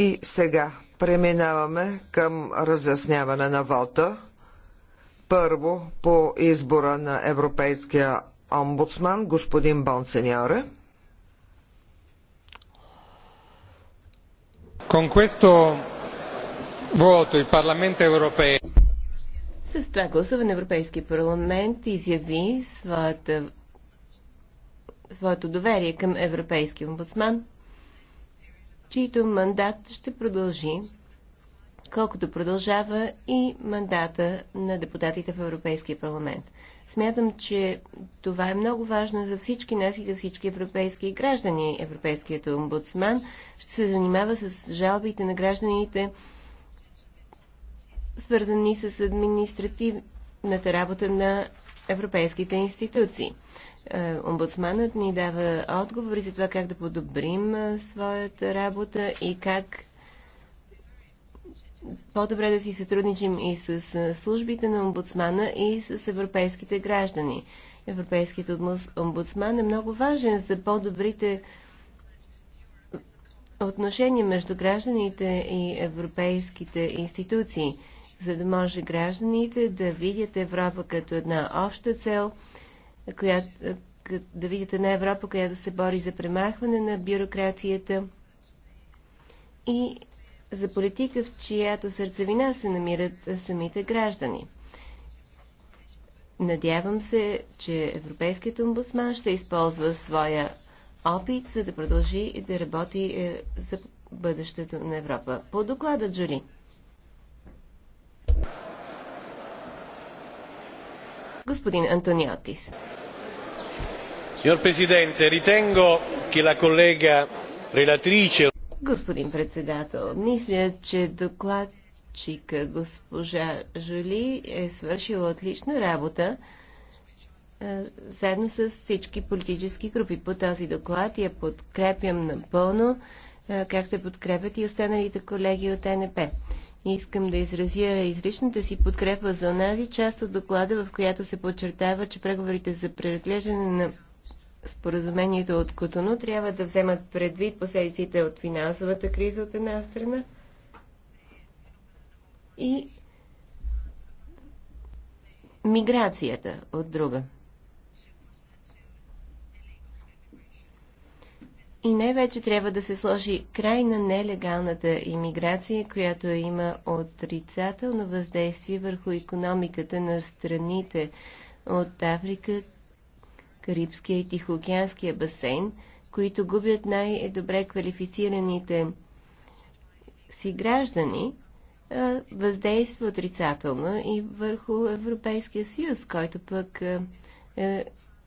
И сега преминаваме към разясняване на вота. Първо по избора на Европейския омбудсман, господин Бонсеньоре. Con questo voto il Parlamento europeo с това гласуване Европейския парламент изяви своята, своето доверие към Европейския омбудсман чийто мандат ще продължи, колкото продължава и мандата на депутатите в Европейския парламент. Смятам, че това е много важно за всички нас и за всички европейски граждани. Европейският омбудсман ще се занимава с жалбите на гражданите, свързани с административната работа на европейските институции. Е, омбудсманът ни дава отговори за това как да подобрим е, своята работа и как по-добре да си сътрудничим и с е, службите на омбудсмана и с европейските граждани. Европейският омбудсман е много важен за по-добрите отношения между гражданите и европейските институции за да може гражданите да видят Европа като една обща цел, която, да видят една Европа, която се бори за премахване на бюрокрацията и за политика, в чиято сърцевина се намират самите граждани. Надявам се, че Европейският омбудсман ще използва своя опит, за да продължи да работи е, за бъдещето на Европа. По доклада Джули. господин Антониотис. Signor Presidente, ritengo che la collega relatrice... Господин председател, мисля, че докладчика госпожа Жули е свършила отлична работа заедно с всички политически групи по този доклад. Я подкрепям напълно, както подкрепят и останалите колеги от НП. Искам да изразя изричната си подкрепа за онази част от доклада, в която се подчертава, че преговорите за преразглеждане на споразумението от Котону трябва да вземат предвид последиците от финансовата криза от една страна и миграцията от друга. И най-вече трябва да се сложи край на нелегалната иммиграция, която има отрицателно въздействие върху економиката на страните от Африка, Карибския и Тихоокеанския басейн, които губят най-добре квалифицираните си граждани, въздейства отрицателно и върху Европейския съюз, който пък е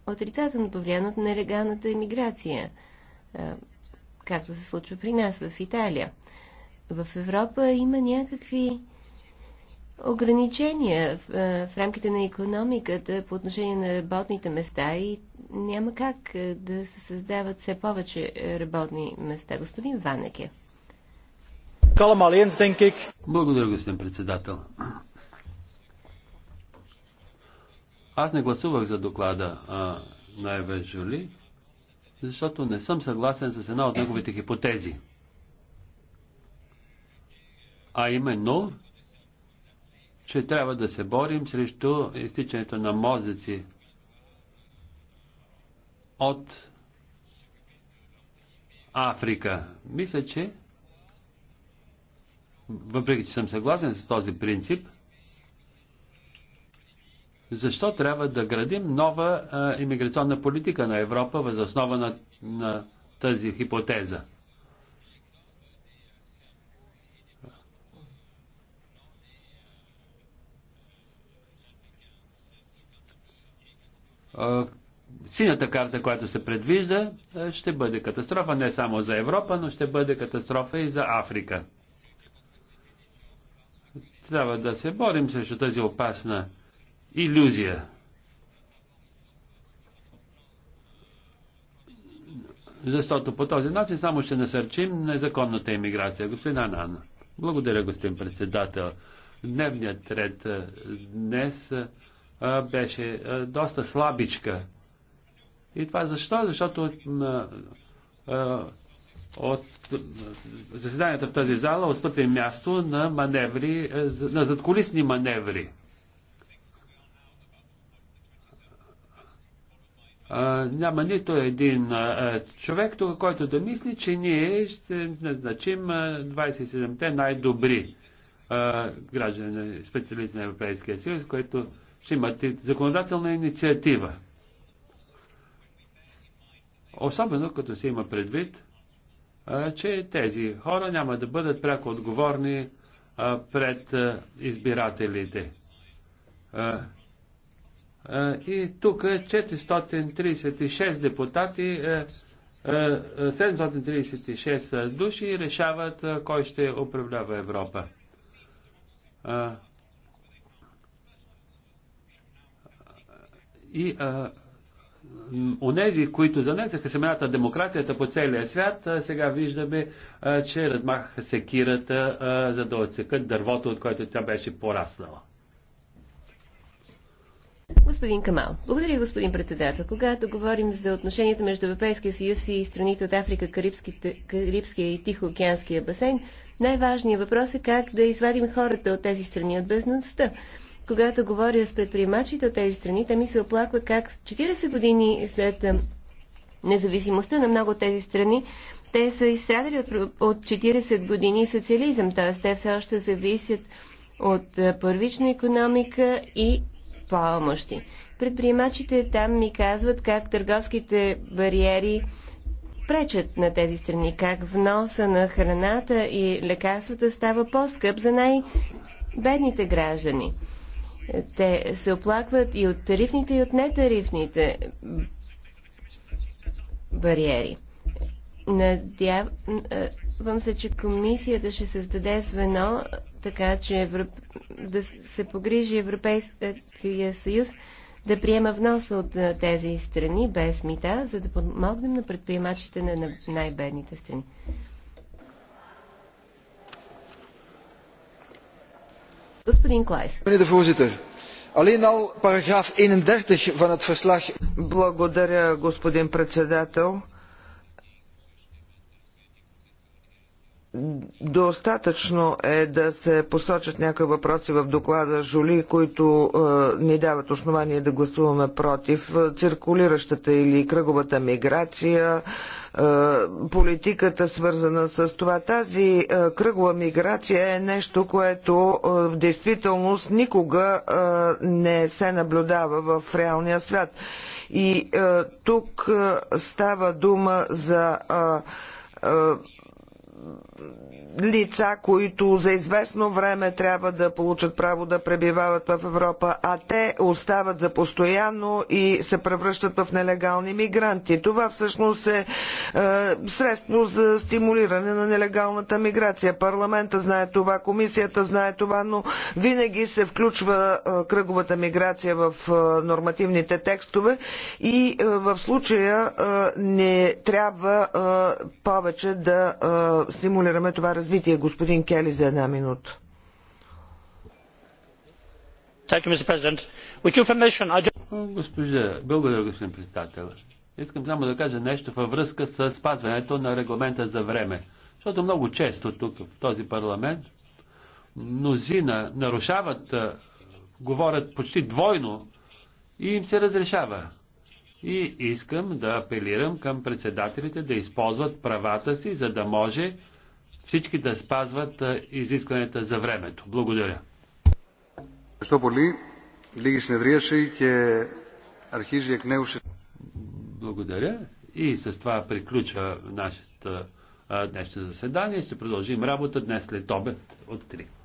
отрицателно повлиян от нелегалната иммиграция както се случва при нас в Италия. В Европа има някакви ограничения в, в рамките на економиката по отношение на работните места и няма как да се създават все повече работни места. Господин Ванеке. Благодаря, господин председател. Аз не гласувах за доклада на Еве Жули, защото не съм съгласен с една от неговите хипотези. А именно, че трябва да се борим срещу изтичането на мозъци от Африка. Мисля, че въпреки, че съм съгласен с този принцип, защо трябва да градим нова а, иммиграционна политика на Европа основа на, на тази хипотеза. синята карта, която се предвижда, ще бъде катастрофа не само за Европа, но ще бъде катастрофа и за Африка. Трябва да се борим срещу тази опасна иллюзия. Защото по този начин само ще насърчим незаконната иммиграция. Господин Анан, благодаря, господин председател. Дневният ред днес беше доста слабичка. И това защо? Защото от, от заседанията в тази зала отстъпи място на маневри, на задколисни маневри. няма нито един човек тук, който да мисли, че ние ще назначим 27-те най-добри граждани, специалисти на Европейския съюз, които ще имат и законодателна инициатива. Особено като се има предвид, че тези хора няма да бъдат пряко отговорни пред избирателите. И тук 436 е депутати, 736 е, е, души решават кой ще управлява Европа. И онези, които занесаха семената демокрацията по целия свят, сега виждаме, че размахаха секирата, за да отсекат дървото, от което тя беше пораснала. Господин Камал, благодаря господин председател. Когато говорим за отношенията между Европейския съюз и страните от Африка, Карибския и Тихоокеанския басейн, най-важният въпрос е как да извадим хората от тези страни от бездността. Когато говоря с предприемачите от тези страни, те ми се оплаква как 40 години след независимостта на много от тези страни, те са изстрадали от, от 40 години социализъм, т.е. те все още зависят от първична економика и помощи. Предприемачите там ми казват как търговските бариери пречат на тези страни, как вноса на храната и лекарствата става по-скъп за най-бедните граждани. Те се оплакват и от тарифните, и от нетарифните бариери. Надявам е, се, че комисията ще създаде звено, така че Европ... да се погрижи Европейския съюз да приема вноса от е, тези страни без мита, за да помогнем на предприемачите на най-бедните страни. Господин Клайс. Meneer de 31 Благодаря, господин председател. Достатъчно е да се посочат някои въпроси в доклада Жули, които е, ни дават основание да гласуваме против. Е, циркулиращата или кръговата миграция, е, политиката свързана с това. Тази е, кръгова миграция е нещо, което е, в действителност никога е, не се наблюдава в реалния свят. И е, тук е, става дума за. Е, е лица, които за известно време трябва да получат право да пребивават в Европа, а те остават за постоянно и се превръщат в нелегални мигранти. Това всъщност е, е средство за стимулиране на нелегалната миграция. Парламента знае това, комисията знае това, но винаги се включва е, кръговата миграция в е, нормативните текстове и е, в случая е, не трябва е, повече да стимулираме това развитие. Господин Кели за една минута. Госпожа, благодаря, господин председател. Искам само да кажа нещо във връзка с спазването на регламента за време. Защото много често тук, в този парламент, мнозина нарушават, говорят почти двойно и им се разрешава и искам да апелирам към председателите да използват правата си, за да може всички да спазват изискването за времето. Благодаря. Благодаря. И с това приключва нашето днешно заседание. Ще продължим работа днес след обед от 3.